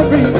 to be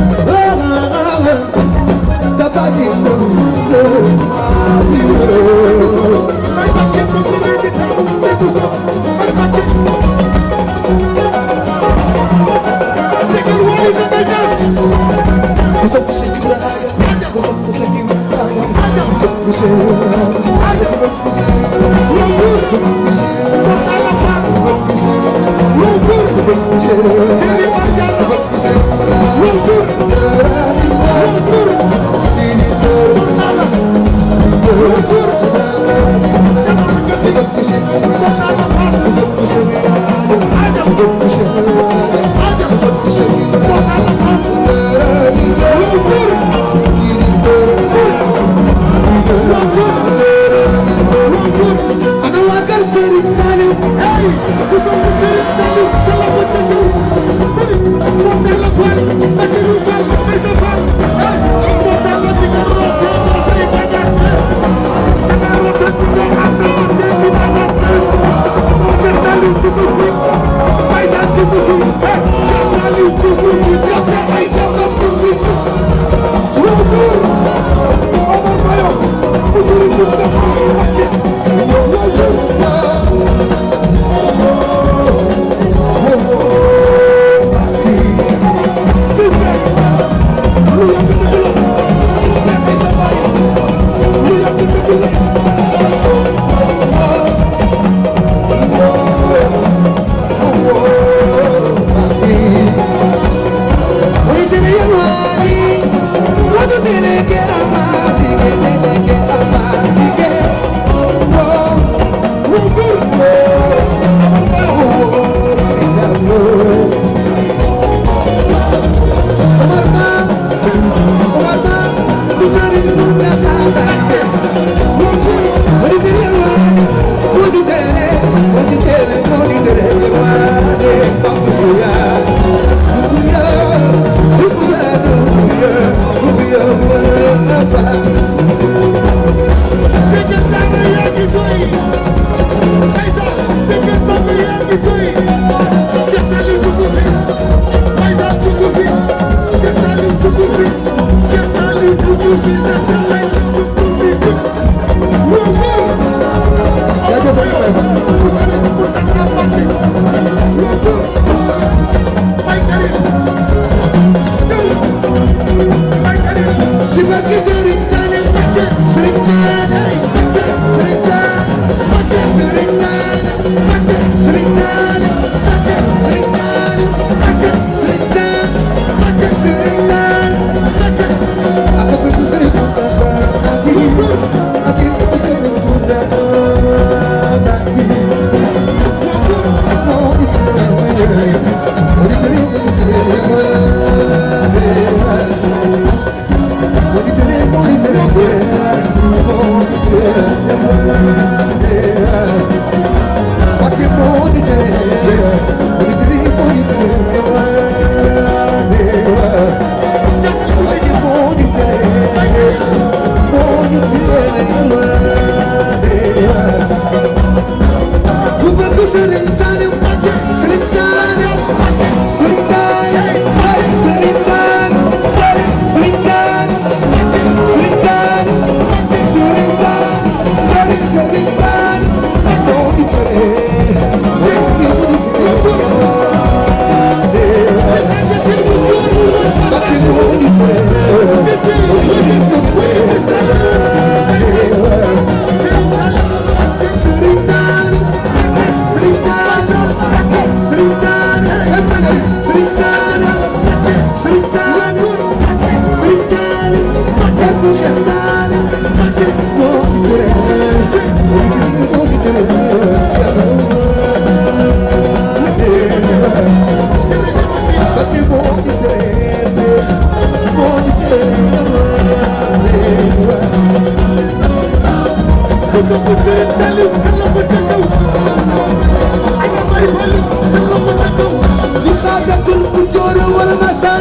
Sal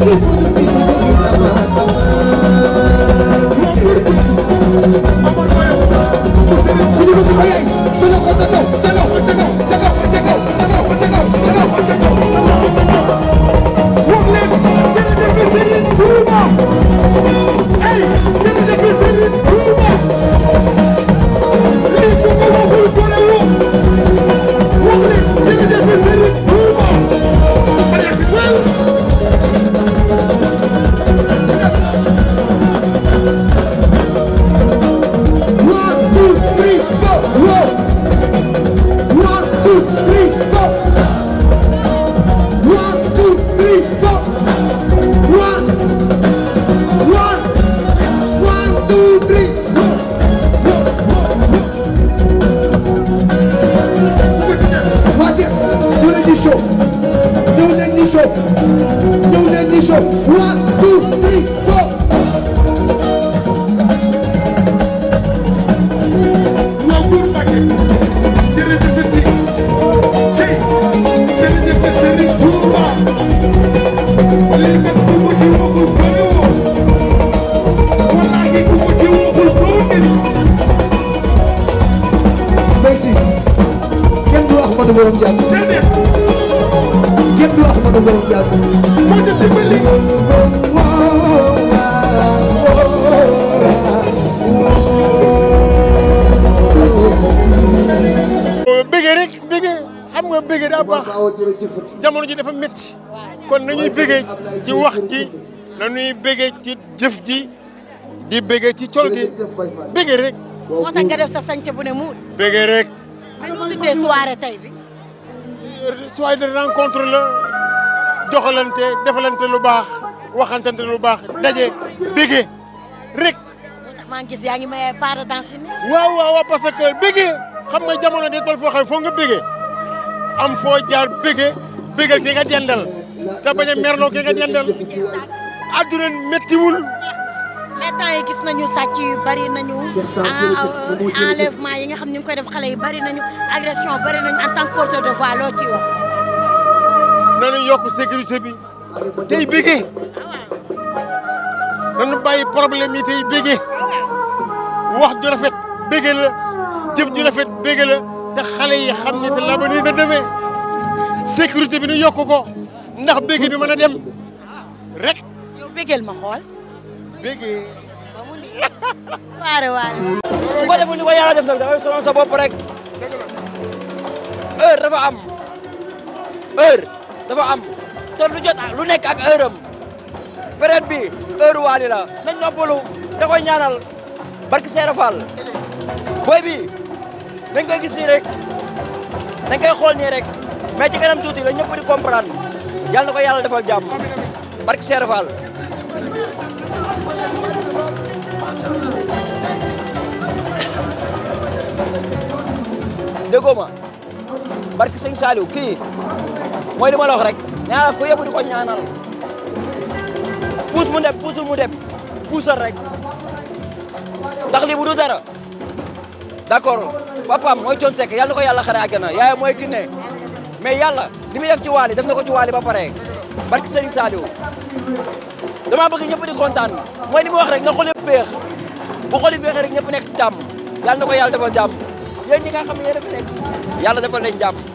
Thank you. borom rek bëgg xam nga bëgg daa baax ji dafa métti kon nañuy bëgg ci wax ji nañuy bëgg ci jëf ji di bëgg ci col gi bëgg rek moo tax nga sa sañse bu ne muut rek soit de rencontre la joxalante defalante lu baax waxantante lu baax daje bége rek. maa yaa ngi may part de danse waaw waaw parce que bége xam nga jamono day toll foo xam foo nga bége am foo jaar bége bégal ki nga dendal te bañ a merloo ki nga dendal adduna méttiwul. mais temps yi gis nañu sàcc yu bari nañu ah, euh, enlèvement yi nga xam ni ñu koy def xale yi bari nañu agression bari nañu en tant que porteur de voix loo ci wax yokk sécurité bi tey bégee nañu bàyyi problème yi tey bégee wax ju rafet bégee la jëf ju rafet bégee la te xale yi xam ni sa laba na demee sécurité bi ñu yokk ko ndax bégee bi mën dem rek yow bégeel ma xool bégee. waare waale. bu ko deful ni ko yàlla def nag dafay sa bopp rek heure dafa am heure dafa am te lu jot lu nekk ak heure am bi heure waali la nañ noppalu da koy ñaanal barki Seera Fall booy bi dañ koy gis nii rek dañ koy xool nii rek mais ci kanam tuuti la ñëpp di comprendre yàlla na ko yàlla defal jàmm barki Seera Fall déggoo ma barki sëñ Saliou kii mooy li ma la wax rek ñaanal ko yëpp ñaanal puus mu dem puusul mu dem puusal rek ndax lii dara d'accord papaam mooy Thione Seck yàlla na ko yàlla xare àjjana yaay mooy Kiné mais yàlla li muy def ci waali def na ko ci waali ba pare barki sëñ Saliou dama bëgg ñëpp di kontaan mooy li mu wax rek na xol yëpp féex bu xol yi féexee rek yéen ñi nga xam ne yéen a fi nekk yàlla defal leen jàmm